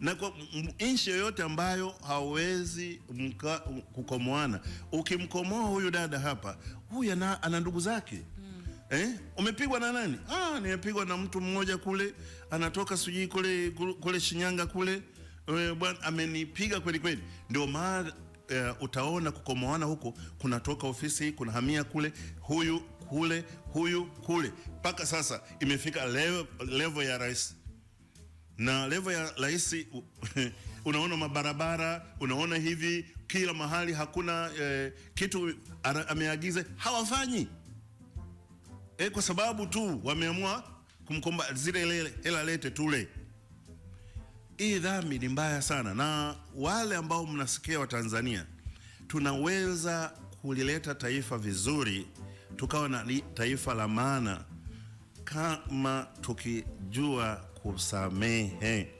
na kwa nchi yoyote ambayo hawezi kukomoana. Ukimkomoa huyu dada hapa, huyu ana ndugu zake mm. Eh, umepigwa na nani? Ah, nimepigwa na mtu mmoja kule, anatoka sijui kule kule Shinyanga kule, bwana amenipiga kweli kweli. Ndio maana uh, utaona kukomoana huko kunatoka ofisi, kuna hamia kule, huyu kule, huyu kule, mpaka sasa imefika level, level ya rais na levo ya rais unaona mabarabara, unaona hivi kila mahali hakuna eh, kitu ameagiza hawafanyi eh, kwa sababu tu wameamua kumkomba zile hela lete tule. Hii dhambi ni mbaya sana, na wale ambao mnasikia wa Tanzania tunaweza kulileta taifa vizuri, tukawa na taifa la maana kama tukijua recursos. Amém. Hein?